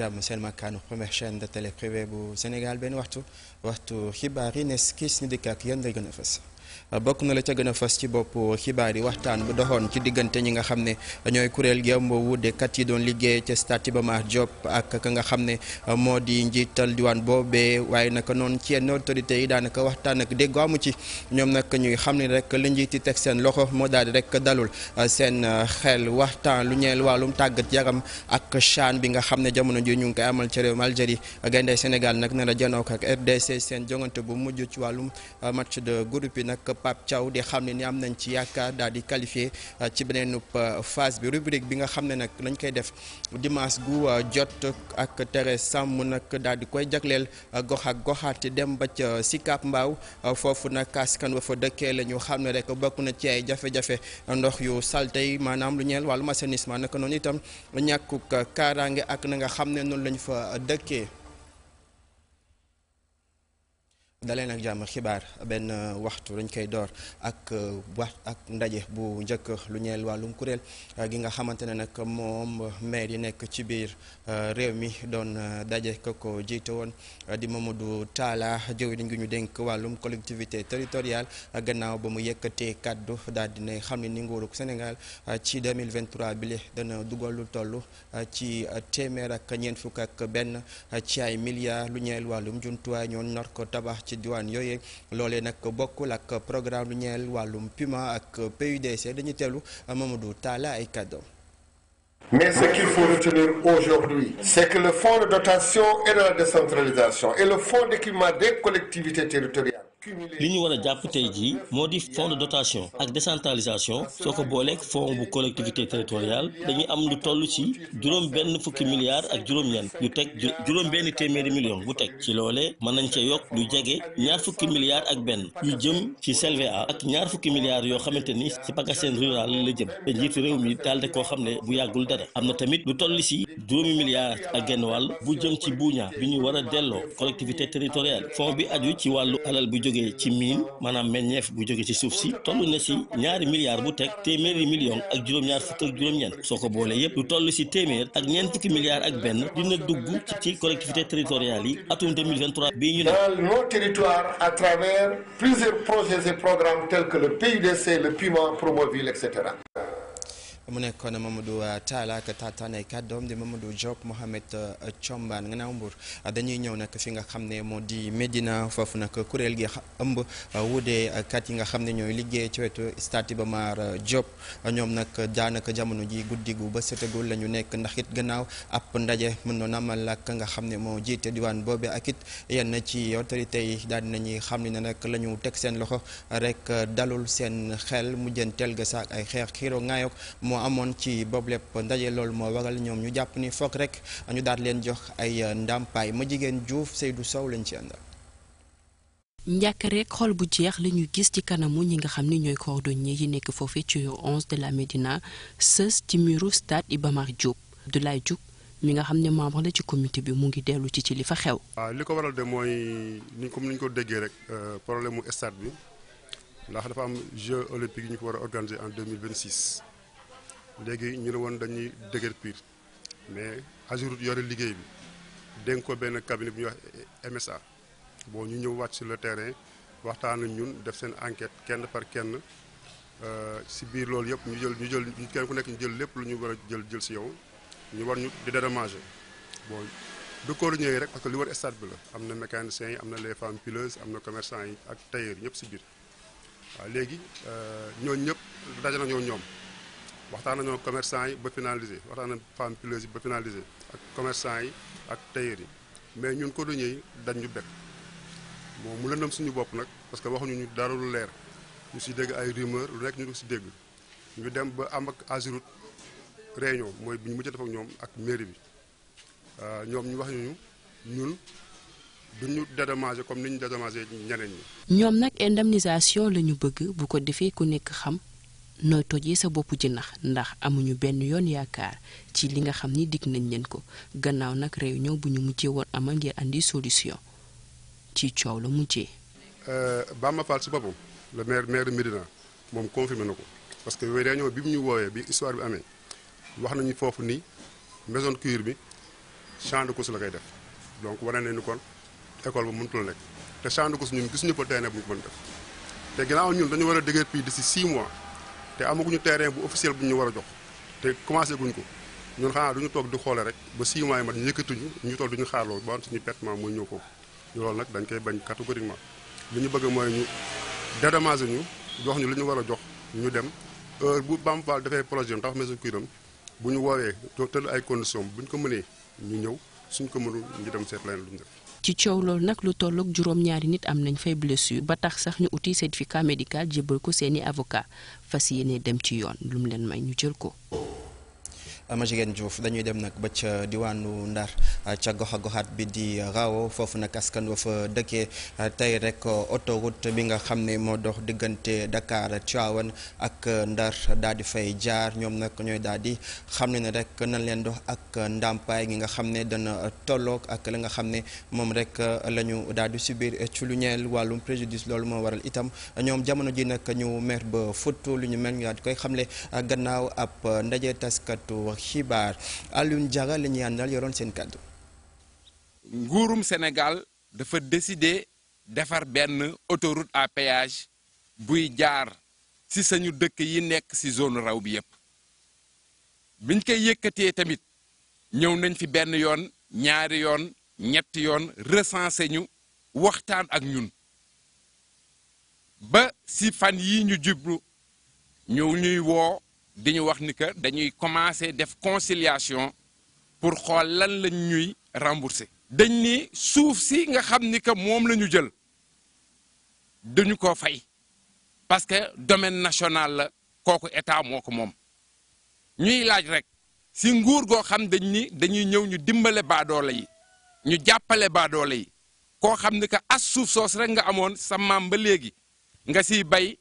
jàmm seen makkaanu première chaîne de télé privée bu Sénégal benn waxtu waxtu xibaar yi nes kiis ñu dikk ak yéen day gën a fës bokk na la ca gën a fas ci bopp xibaar yi waxtaan bu doxoon ci diggante ñi nga xam ne ñooy kuréel gi ëmb kat yi doon liggéey ca stade Iba ma Diop ak ka nga xam ne moo di njiital diwaan boobee waaye naka noonu ci yenn autorités yi daanaka waxtaan ak dégg amu ci ñoom nag ñuy xam ne rek la njiiti teg seen loxo moo daal rek dalul seen xel waxtaan lu ñeel wàllum tàggat yaram ak CHAN bi nga xam ne jamono ji ñu ngi koy amal ca réewum Algérie gaynde nag na la seen jongante bu mujj ci wàllum match Pape Thiaw di xam ne ni am nañ ci yaakaar daal di qualifié euh, ci beneen euh, phase bi rubrique bi nga xam ne nag lañ koy def dimanche gu euh, jot ak tere sàmm nag daal di koy jagleel gox ak ci dem ba ca Sicap Mbao foofu nag askan wa fa dëkkee la ñu xam ne rek bokk na ci ay jafe-jafe ndox yu salte yi maanaam lu ñeel wàllum assainissement naka noonu itam ñàkkuk kaaraange ak na nga xam ne noonu lañ fa dëkkee daleen ak jàmm xibaar benn waxtu dañ koy door ak euh, wax ak ndaje bu njëkk lu ñeel wàllum kuréel euh, gi nga xamante ne nag moom maire yi nekk ci biir euh, réew mi doon daje ko ko jiite woon di Mamadou Talla jëwriñ gi ñu dénk wàllum collectivité territoriale gannaaw ba mu yëkkatee kàddu daal di ne xam ne ni nguurug Sénégal ci 2023 bi dana dugal lu toll ci téeméer ak ñeent fukk ak benn ci ay milliards lu ñeel wàllum jumtuwaay ñoo nar ko tabax. ci diwaan yooyee loolee nag bokkul ak programme ñeel wàllum Puma ak PUDC dañu teelu Mamadou Talla ay kàddoom Mais ce qu'il faut retenir aujourd'hui, c'est que le fonds de dotation et de la décentralisation et le fonds d'équipement des collectivités li ñu war a jàpp tey jii moo di fonds de dotation ak décentralisation soo ko booleek fon bu collectivité territoriale dañuy am lu toll ci juróom benn fukki milliards ak juróom-ñeent yu teg juróom benn téeméeri million bu teg ci loole mën nañ ca yokk lu jege ñaar fukki milliards ak benn yu jëm ci CLVA ak ñaar fukki milliards yoo xamante ni ci PACASEN rural la jëm te njiitu réew mi daal de koo xam ne bu yàggul dara am na tamit lu toll ci juróomi milliards ak genn wàll bu jëm ci buuñaa bi ñu war a delloo jógee ci mine maanaam meññeef bu joge ci suuf si toll na si ñaari milliards bu teg téeméeri million ak juróom-ñaar fukk ak juróom-ñeent soo ko boolee yépp lu toll si téeméer ak ñeent fukki milliards ak benn dina dugg ci collectivités territoriales yi atum 2023 bii ñu ne. dans nos territoires à travers plusieurs projets et programmes tels que le PUDC le PIMA Promoville etc. mu nekkoon Mamadou uh, Talla ak taataan ay kàddoom di Mamadou Diop Mohamed uh, Thiombane gannaaw Mbour uh, dañuy ñëw nag fi nga xam ne moo di Médina foofu nag kuréel gi ëmb kat yi nga xam ne ñooy liggéey ci wetu stade Iba Mar Diop ñoom nag daanaka jamono ji guddi gu ba setagul la ñu nekk ndax it gannaaw ab ndaje mën na amal ak nga xam ne moo jiite diwaan boobe ak it yenn ci autorités yi daal dinañuy xam ne nag la ñu teg seen loxo rek dalul seen xel mujjanteel ga saak xeex xiiro amoon ci boobu lépp ndaje loolu moo wagal ñoom ñu jàpp ni foog rek ñu daal leen jox ay euh, ndàmpaay ma jigéen Diouf du Sow lañ ci àndal. njàkk rek xol bu jeex la ñu gis ci kanamu ñi nga xam ni ñooy cordonnier yi nekk foofu ci onze de la Médina sës ci muru stade Iba Mar Diop laay Diop mi nga xam ne membre la ci comité bi mu ngi dellu ci ci li fa xew. waa ah, li ko waral de mooy ni comme ni ko déggee rek euh, problème mu stade bi ndax dafa am Jeux olympiques yi ñu ko léegi ñu ne woon dañuy dëgër piir mais Ageroute yore liggéey bi dénk ko benn cabinet bu ñuy wax MSA boo ñu ñëw wàcc sur le terrain waxtaan a ñun def seen enquête kenn par kenn euh, si biir loolu yëpp ñu jël ñu jël kenn ku nekk ñu jël lépp lu ñu war a jël jël si yow ñu war ñu di dédommager bon du ko ñëwee rek parce que li war stade bi la am na mécaniciens yi am na les femmes pileuses am na commerçants yi ak tailleurs ñëpp si biir waa léegi euh, ñooñu ñëpp daje na ñoom. waxtaan nañoo commerçant yi ba finalisé waxtaan na femme yi ba finalisé ak commerçant yi ak tailleur yi mais ñun cotonniers yi dañ ñu bekk moom mu lëndam suñu bopp nag parce que waxuñu ñu dara lu leer ñu dégg ay rumeur lu ñu ko si dégg ñu dem ba am ak Azurut réunion mooy bi ñu mujj def ak ñoom ak mairie bi euh, ñoom ñu wax ñu ñun ñu dédommagé comme ni ñu dédommagé ñeneen ñi. ñoom nag indemnisation la ñu bëgg bu ko defee ku nekk xam. nooy tojee sa bopp ci nax ndax amuñu benn yoon yaakaar ci li nga xam ni digg nañ leen ko gannaaw nag ñëw bu ñu mujjee woon amal ngir indi solution ci coow la mujjee. Euh, Bamba Fall si boppam le maire maire de Médina moom confirmé na ko parce que réunion bi mu ñu woowee bi histoire bi amee wax nañu foofu nii maison de bi champ de course la koy def donc wane nañu kon école ba mënutul nekk te champ de course ñun gisuñu fa terrain bu ñu ko mën def te gannaaw war a dëgër fii te amaguñu terrain bu officiel bu ñu war a jox te commencé guñ ko ñun xanaa du ñu toog di xoole rek ba 6 mois yi mat ñu toll duñu xaar loolu ba am suñu pertement mooy ñëw foofu loolu nag dañ koy bañ catégoriquement li ñu bëgg mooy ñu dédommagé ñu jox ñu li ñu war a jox ñu dem heure bu Bamba Fall dafay projet am tax mesa kuiram bu ñu woowee tëdd ay condition buñ ko mënee ñu ñëw suñ ko mënul ñu dem seet leneen lu ñu def ci coow loolu nag lu tollook juróom-ñaari nit am nañ fay blessure ba tax sax ñu uti certificat médical jébbal ko seeni avocat fas yéene dem ci yoon lu mu leen may ñu jël ko. Majigéen Diouf dañuy dem nag ba ca diwaanu Ndar ca goxa goxaat bi di Rawo foofu nag askan wa fa tey rek autoroute bi nga xam ne moo dox diggante Dakar Tivaouane ak Ndar daal di fay jaar ñoom nag ñooy daal di xam ne ne rek nañ leen dox ak ndàmpaay gi nga xam ne dana tollook ak la nga xam ne moom rek la ñu daal di subir ci lu ñeel wàllum préjudice loolu moo waral itam ñoom jamono ji nag ñu mer ba futt lu ñu mel ñu daal di koy xamle gannaaw ab ndaje taskatu xibaar Alioune Diaga la ñuy àndal yoroon seen kàddu. nguurum Sénégal dafa décider defar benn autoroute à péage buy jaar ci sañu dëkk yi nekk ci zone raw bi yépp biñ koy yëkkatee tamit ñëw nañ fi benn yoon ñaari yoon ñetti yoon recensé ñu waxtaan ak ñun ba ci fan yi ñu jublu ñëw ñuy woo di ñu wax ni que dañuy commencer def conciliation pour xool lan lañ ñuy rembourser. dañ ni suuf si nga xam ni que moom la ñu jël dañu ko fay parce que domaine national la kooku état moo ko moom ñuy laaj rek si nguur goo xam dañ ni dañuy ñëw ñu dimbale baadoole yi ñu jàppale baadoole yi koo xam ni que as suuf soos rek nga amoon sa maam ba léegi nga si bay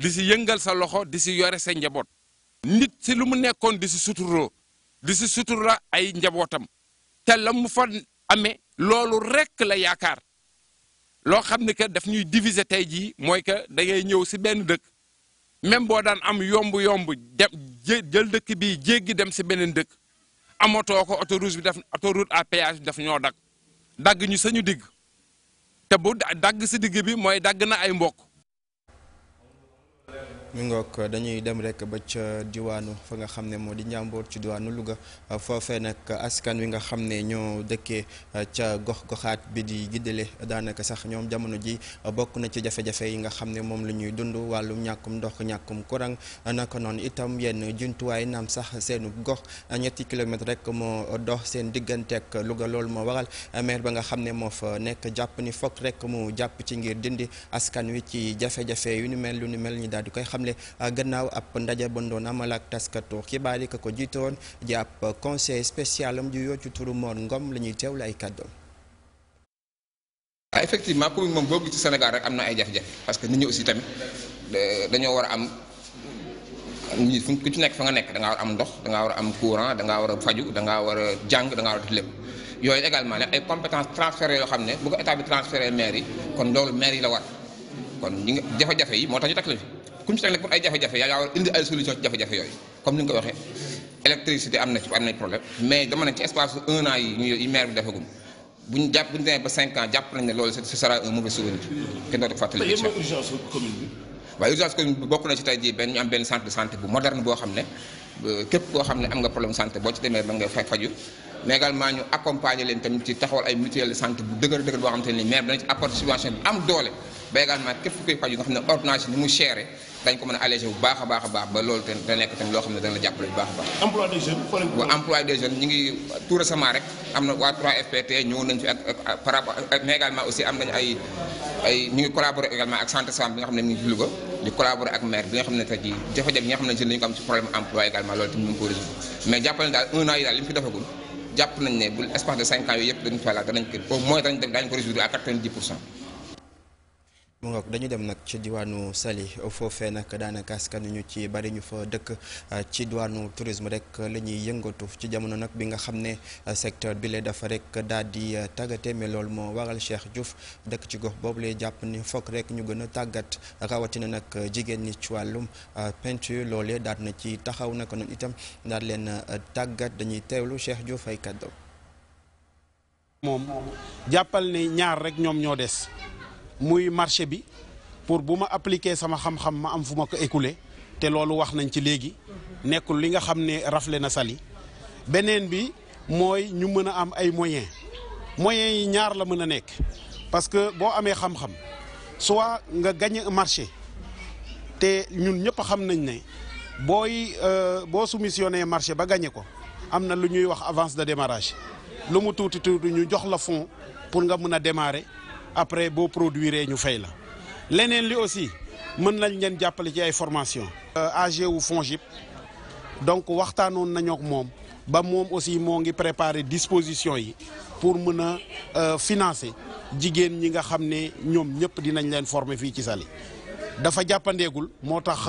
di si yëngal sa loxo di si yore sa njaboot. nit si lu mu nekkoon di si suturoo di si sutura ay njabootam te la mu fa amee loolu rekk la yaakaar loo xam ne que daf ñuy diviser tey jii mooy que da ngay ñëw si benn dëkk même boo daan am yomb-yomb jël dëkk bi jéggi dem si beneen dëkk amatoo ko autoroute bi daf autoroute à péage bi daf ñoo dagg dagg ñu sañu digg te bu dagg si digg bi mooy dagg na ay mbokk mi ngook dañuy dem rek ba ca diwaanu fa nga xam ne moo di njàmboor ci diwaanu Louga foofee nag askan wi nga xam ne ñoo dëkkee uh, ca gox goxaat bi di giddale daanaka sax ñoom jamono ji bokk na ci jafe-jafe yi nga xam ne moom la ñuy dund wàllum ñàkkum ndox ñàkkum courant uh, naka noonu itam yenn jumtuwaay naam sax seenu gox uh, ñetti kilomètre rek moo dox seen digganteek Louga loolu moo waral maire ba nga xam ne moo fa nekk jàpp ni foog rek mu jàpp ci ngir dindi askan wi ci jafe yu nu mel lu nu mel ñi daal koy xam xamle ah, gannaaw ab ndaje ba doon amal ak taskatu xibaar yi ko jiite woon ji ab conseil spécial am ju yoo ci turu Mor Ngom la ñuy teewlu ay kàddoom. waaw ah, effectivement commune moom boo gis ci rek am na ay jafe-jafe parce que nit ñu aussi tamit dañoo war a am. ñi ku ci nekk fa nga nekk da ngaa war am ndox da ngaa war am courant da ngaa war a faju da ngaa war a jàng da ngaa war a def lépp yooyu également nag ay compétence transférées yoo xam ne bu ko état bi transféré maire yi kon loolu maire yi la war kon jafe-jafe yi moo tax ñu teg la ku ñu ci teg nag jafe-jafe yaa yaa war indi mais dama ne ci espace bi defagum bu jàpp bu ñu demee ba cinq ans jàpp nañ commune bi waaye urgence commune bi bokk na ci tey jii benn ñu am benn centre de santé bu moderne boo xam ne euh, képp koo xam ne am nga problème santé boo ci demee ba nga fay tamit ci taxawal ay mutuelle de bu dëgër dëgër boo xam te ne maire dana ci apporter subvention bi ni mu chéré dañ ko mën a allégé bu baax a baax a baax ba loolu te da nekk loo xam ne dana la jàppale baax a baax. emploi des jeunes foo leen ko. mais également aussi daal yi mu fi defagul jàpp nañ ne bu espace de cinq ans yooyu yëpp danañ ko au mu ngoog dem nag ci diwaanu Saly foofee nag daanaka askan ci bari ñu fa dëkk ah, ci diwaanu tourisme rek la ñuy yëngatu ci jamono nag bi nga xam ne ah, secteur bi lee dafa rek daal di ah, tàggate mais loolu moo waral Cheikh Diouf dëkk ci gox boobu lay jàpp ni fokk rek ñu gën a tàggat rawatina nag jigéen ñi ci wàllum peinture loolee daat na ci taxaw naka noonu itam daal leen tàggat dañuy teewlu Cheikh Diouf ay kàddoom moom jàppal ne ñaar rek ñoom ñoo des. muy marché bi pour bu ma appliquer sama xam-xam ma am fu ma ko écouler te loolu wax nañ ci léegi nekkul li nga xam ne rafle na sali beneen bi mooy ñu mën a am ay moyen moyens yi ñaar la mën a nekk parce que boo amee xam-xam soit nga gagné un marché te ñun ñëpp xam nañ ne booy euh, boo soumissionné marché ba gañee ko am na lu ñuy wax avance de démarrage lu mu tuuti tuuti ñu jox la fonds pour nga mën a démarrer après boo produire ñu fay la leneen li aussi mën nañ leen jàppale ci ay formation euh, AG wu FONGIP donc waxtaanoon nañoo moom ba moom aussi moo ngi préparer disposition yi pour mën a euh, financer jigéen ñi nga xam ne ñoom ñëpp dinañ leen former fii ci sali dafa jàppandeegul moo tax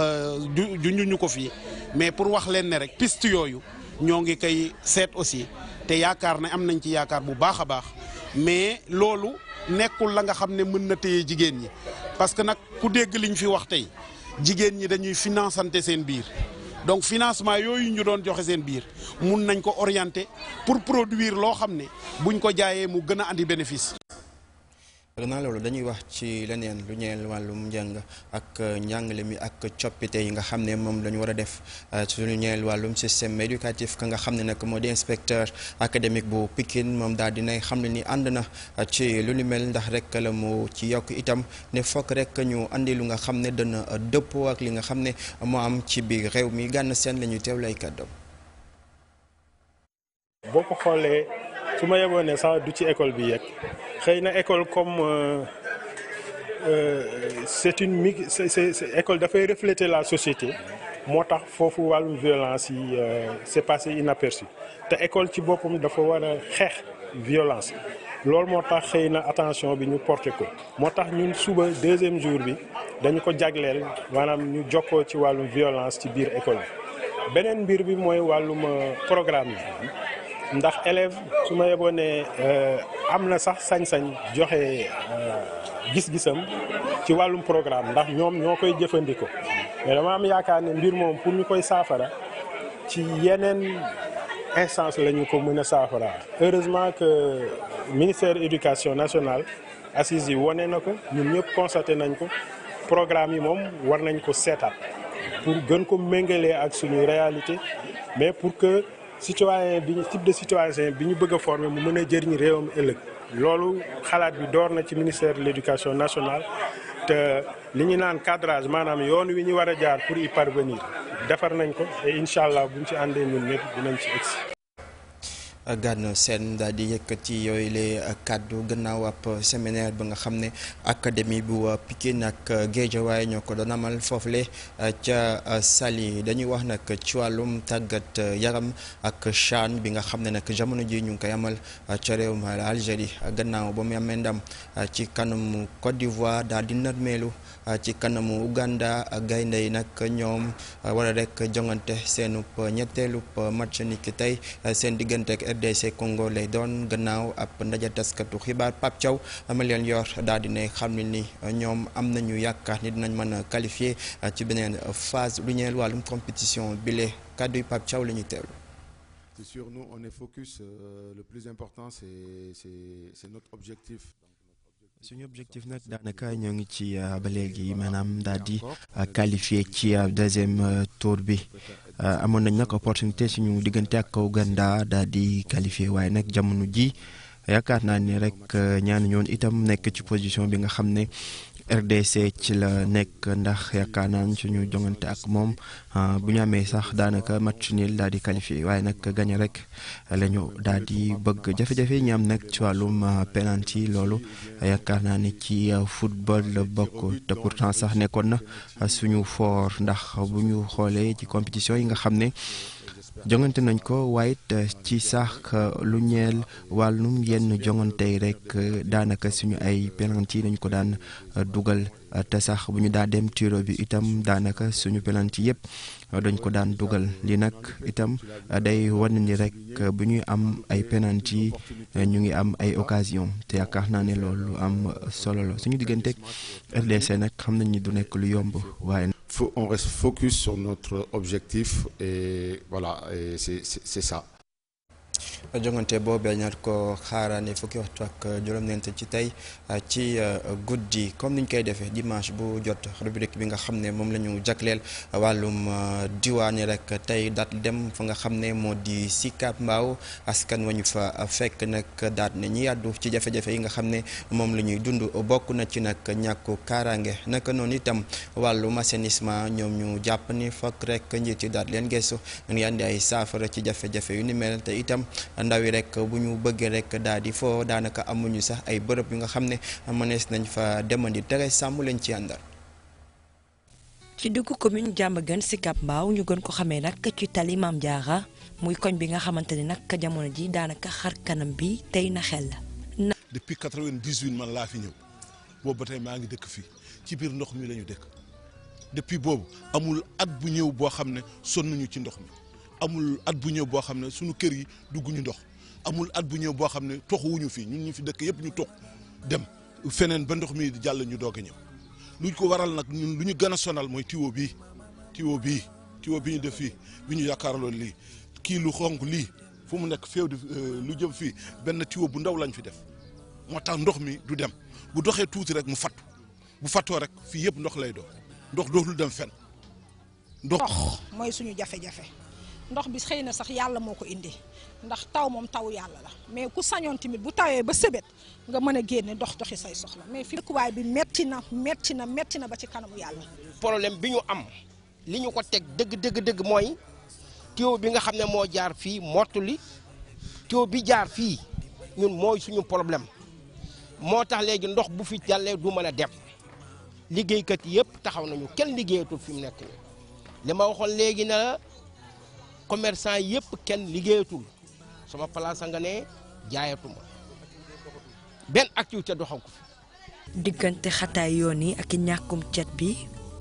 ju euh, juñuñu ko fii mais pour wax leen ne rek piste yooyu ñoo ngi koy seet aussi te yaakaar ne am nañ ci yaakaar bu baax a baax mais loolu nekkul la nga xam ne mën na téye jigéen ñi parce que nag ku dégg liñ fi wax tey jigéen ñi dañuy finançante seen biir donc financement yooyu ñu doon joxe seen biir mun nañ ko orienter pour produire loo xam ne buñ ko jaayee mu gën a andi bénéfice gannaaw loolu dañuy wax ci leneen lu ñeel wàllum njëng ak euh, njàngale mi ak coppite yi nga xam ne moom lañu ñu war a def suñu euh, ñeel wàllum système éducatif ka nga xam ne nag moo di inspecteur académique bu Pikine moom daal dinay xam ne ni ànd na euh, ci lu ni mel ndax rek la mu ci yokk itam ne fokk rek ñu andi lu nga xam ne dana dëppoo ak li nga xam ne mu am ci biir réew mi gànn seen la ñuy teew lay kàddam su ma yeboo ne sax du ci école bi yegg xëy na école comme euh, euh, c'est une mi c'est école dafay refléter la société moo tax foofu wàllum violence yi c'est euh, passé inaperçu te école ci boppam dafa war a xeex violence loolu moo tax xëy na attention bi ñu porté ko moo tax ñun suba deuxième jour bi dañu ko jagleel maanaam ñu jokkoo ci wàllum violence ci biir école bi beneen mbir bi mooy wàllum programme yi ndax élève su ma yeboo ne euh, am na sax sañ-sañ joxe euh, gis-gisam ci wàllum programme ndax ñoom ñoo koy jëfandikoo mais dama am yaakaar ne mbir moom pour ñu koy saafara ci yeneen instance lañu ko mën a saafara heureusement que ministère éducation nationale assise yi wane na ko ñun ñëpp constaté nañ ko programme yi moom war nañ ko seetaat pour gën ko méngalee ak suñu réalité mais pour que citoyen bi type de citoyen bi ñu bëgg a former mu mën a jëriñ réewam ëllëg loolu xalaat bi door na ci ministère de l'éducation national te li ñu naan cadrage maanaam yoon wi ñu war a jaar pour y parvenir defar nañ ko et incha allah bu buñ ci àndee ñun ñëpp dinañ ci egsi Gana Sène daal di yëkkati yooyu les kàddu gannaaw ab séminaire ba nga xam ne académie bu Pikine ak waaye ñoo ko doon amal foofule uh, ca uh, sali dañuy wax nag ci wàllum tàggat uh, yaram ak CHAN bi nga xam ne nag jamono ji ñu ngi koy amal ca réewum Algérie gannaaw ba mu amee ndam ci kanamu Côte d'Ivoire daal di nërmeelu ci kanamu Uganda gaynde yi nag ñoom wala rek jongante seenub ñetteelub match niki tey seen diggante ak RDC Congo lay doon gannaaw ab ndaje taskatu xibaar Pape Thiaw ma leen yor daal di ne xam ne ni ñoom am nañu yaakaar ni dinañ mën a qualifier euh, ci beneen phase lu ñeel wàllum compétition bile kàddu yi Pape Thiaw la ñuy teewlu. C'est sûr, nous on est focus euh, le plus important c'est c'est c'est notre objectif suñu objectif nag daanaka ñoo ngi ci euh, ba léegi maanaam daal di euh, qualifié ci euh, deuxième tour bi amoon nañ nag opportunité suñu diggante ak Ouganda daal di qualifié waaye nag jamono ji yaakaar naa ni rek ñaanu ñoon itam nekk ci position bi nga xam ne RDC ci la nekk ndax yaakaar naan suñu jongante ak moom ah, bu ñu amee sax daanaka match nul daal di qualifié waaye nag gagné rek la ñu daal di bëgg jafe-jafe yi ñu nag ci wàllum ah, penalty loolu yaakaar naa ni ci ah, football la bokk te pourtant sax nekkoon na suñu foor ndax bu ñu xoolee ci compétition yi nga xam ne. jongante nañ ko waaye eh, ci sax eh, lu ñeel wàllum yenn jongante rek eh, daanaka suñu ay pelanti dañ ko daan dugal te sax bu ñu daa dem tiro bi itam daanaka suñu pelanti yëpp dañ ko daan dugal li nag itam day wan ni rek bu ñuy am ay penalty ñu ngi am ay occasion te yaakaar naa ne loolu am solo la suñu digganteeg RDC nag xam nañ ni du nekk lu yomb waaye. on reste focus sur notre objectif et voilà, et c'est ça. jongante boobee ñaar ko xaaraane fukki waxtu ak juróom-ñeent ci tey ah, ci ah, guddi comme niñ koy defee dimanche bu jot rubrique bi nga xam ne moom la ñu jagleel ah, wàllum diwaani rek tey daat dem fa nga xam ne moo di Sicap Mbao askan wañu fa fekk nag daat ne ñi yàddu ci jafe-jafe yi nga xam ne moom la ñuy dund bokk na ci nag ñàkku kaaraange naka noonu itam wàllu assainissement ñoom ñu jàpp ni fokk rek njiit yi daat leen gëstu ñu andi ay saafara ci jafe-jafe yu ni mel itam ndaw yi rek bu ñu bëggee rek daal di foo daanaka amuñu sax ay bërëb yu nga xam ne mënees nañ fa demandi tere sàmm lañ ci àndal. ci jàmb commune si Sicap Mbao ñu gën ko xamee nag ci tali Mame Diarra muy koñ bi nga xamante ni nag jamono ji daanaka xar kanam bi tey na xel la. depuis 98 man laa fi ñëw boobu ba tey maa ngi dëkk fii ci biir ndox mi lañu dëkk depuis boobu amul at bu ñëw boo xam ne sonnuñu ci ndox mi. amul at bu ñëw boo xam ne suñu kër yi dugguñu ndox amul at bu ñëw boo xam ne toxuwuñu fii ñun ñu fi dëkk yëpp ñu tox dem feneen ba ndox mi di jàll ñu doog a ñëw luñ ko waral nag ñun lu ñu gën a sonal mooy tiwo bii tiwo bii bi ñu def fii bi ñu yaakaarloon lii kii lu xonq lii fu mu nekk féew di euh, lu fii benn tiwo bu ndaw lañ fi def moo tax ndox mi du dem bu doxee tuuti rek mu fattu bu fattoo rek fii yëpp ndox lay doo ndox dootul dem fen ndox mooy suñu jafe-jafe ndox bi xëy na sax yàlla moo ko indi ndax taw moom taw yàlla la mais ku sañoon tamit bu tawee ba sebet nga mën a génne dox doxi say soxla mais fi dëkkuwaay bi metti na metti na metti na ba ci kanamu yàlla. problème bi ñu am li ñu ko teg dëgg dëgg dëgg mooy tuyau bi nga xam ne moo jaar fii li tuyau bi jaar fii ñun mooy suñu problème moo tax léegi ndox bu fi jàllee du mën a dem liggéeykat yëpp taxaw nañu kenn liggéeyatul fi mu nekk li ma waxoon commerçant yëpp kenn liggéeyatul sama place nga ne jaayatuma benn activité doxaw ko fi. diggante xataay yoon yi ak ñàkkum cet bi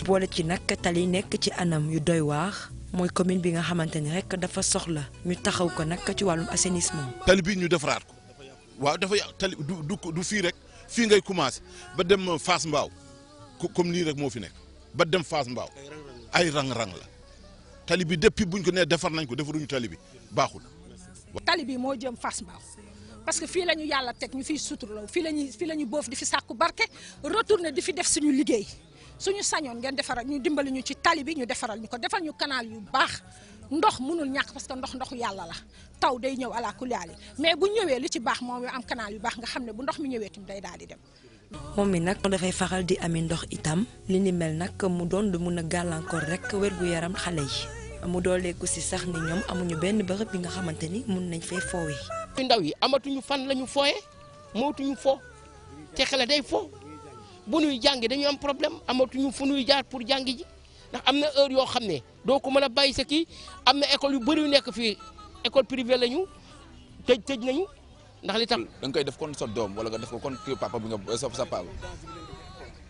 boole ci nag tali nekk ci anam yu doy waax mooy commune bi nga xamante ni rek dafa soxla ñu taxaw ko nag ci wàllum assainissement. tali bi ñu defaraat ko waaw dafa tali du du fii rek fii ngay commencé ba dem Fass Mbao comme nii rek moo fi nekk ba dem Fass Mbao ay ran rang la. tali bi depuis buñ ko nee defar nañ ko defaruñu tali bi baaxul. tali bi moo jëm Fass Mbao parce que fii la ñu yàlla teg ñu fiy suturlaw fii la ñuy fii la ñu boof di fi sàkku barke retourné di fi def suñu liggéey suñu sañoon ngeen defaral ñu dimbali ñu ci tali bi ñu defaral ñu ko defar ñu kanaan yu baax ndox munul ñàkk parce que ndox ndoxu yàlla la taw day ñëw ala kulli mais bu ñëwee li ci baax moom am kanaan yu baax nga xam ne bu ndox mi ñëwee tamit day daal di dem. moom mi nag dafay faxal di amee ndox itam li ni mel nag mu doon lu mun a gàllankoor rek wér-gu-yaram xale yi mu dooleeku si sax ni ñoom amuñu benn bërëb bi nga xamante ni mun nañ fee foowee. ndaw yi amatuñu fan lañu fooye mootuñu fo te xale day fo bu nuy jàngi dañu am problème amatuñu fu nuy jaar pour jàngi ji ndax am na heure yoo xam ne doo ko mën a bàyyi sa kii am na école yu bëri nekk fii école privée lañu tëj tëj nañu. ndax li tax da nga def kon sa doom wala nga def ko kon kii papa bi nga sa sa papa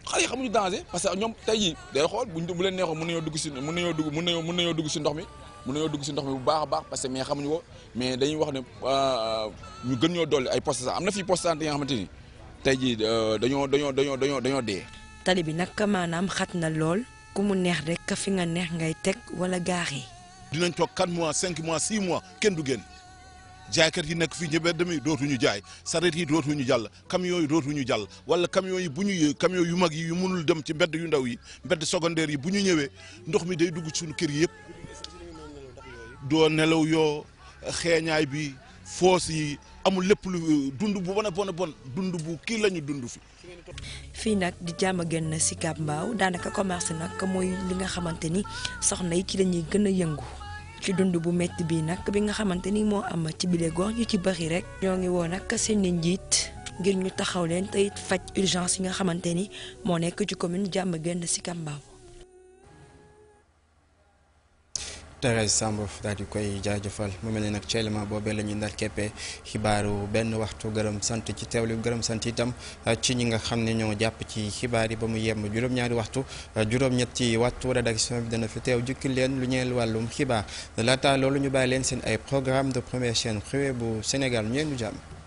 xale yi xamuñu danger parce que ñoom tey jii day xool buñ bu leen neexoon mën nañoo dugg si dugg mën nañoo mën nañoo dugg si ndox mi mën nañoo dugg si ndox mi bu baax a baax parce que mais xamuñu ko mais dañuy wax ne euh, ñu gën ñoo doole ay poste am na fii poste santé nga xamante ni tey jii euh, dañoo dañoo dañoo dañoo dañoo dee tali bi nag maanaam xat na lool ku mu neex rek fi nga neex ngay teg wala gaax yi dinañ toog 4 mois 5 mois 6 mois kenn du génn jaaykat yi nekk fii ñebe demee dootuñu jaay saret yi ñu jàll camion yi dootuñu jàll wala camion yi bu ñu camion yu mag yi yu mënul dem ci mbedd yu ndaw yi mbedd secondaire yi bu ñu ñëwee ndox mi day dugg sunu kër yi yëpp doo nelaw yoo xeeñaay bi foos yi amul lépp lu dund bu bon a bon dund bu kii la ñu dund fi fii nag di jàmm a gën si Kab Mbaaw daanaka commerce nag mooy li nga xamante ni soxna yi ci la ñuy gën a yëngu ci dund bu métti bii nag bi nga xamante ni moo am ci bile gox ñu ci bëri rek ñoo ngi woo ak seen njiit ngir ñu taxaw leen te it faj urgence yi nga xamante ni moo nekk ci commune Diamaguène Sicap Mbao Thérèse Samb daal di koy jaajëfal mu mel ne nag ci élément boobee la ñuy ndar keppee xibaaru benn waxtu gërëm sant ci teewlu gërëm sant itam ah, ci ñi nga xam ne ñoo jàpp ci xibaar yi ba mu yem juróom-ñaari waxtu ah, juróom-ñetti waxtu rédaction bi dana fi teew jukki leen lu ñeel wàllum xibaar laata loolu ñu bàyyi leen seen ay programme de première chaîne privée bu Sénégal ñeenu jàmm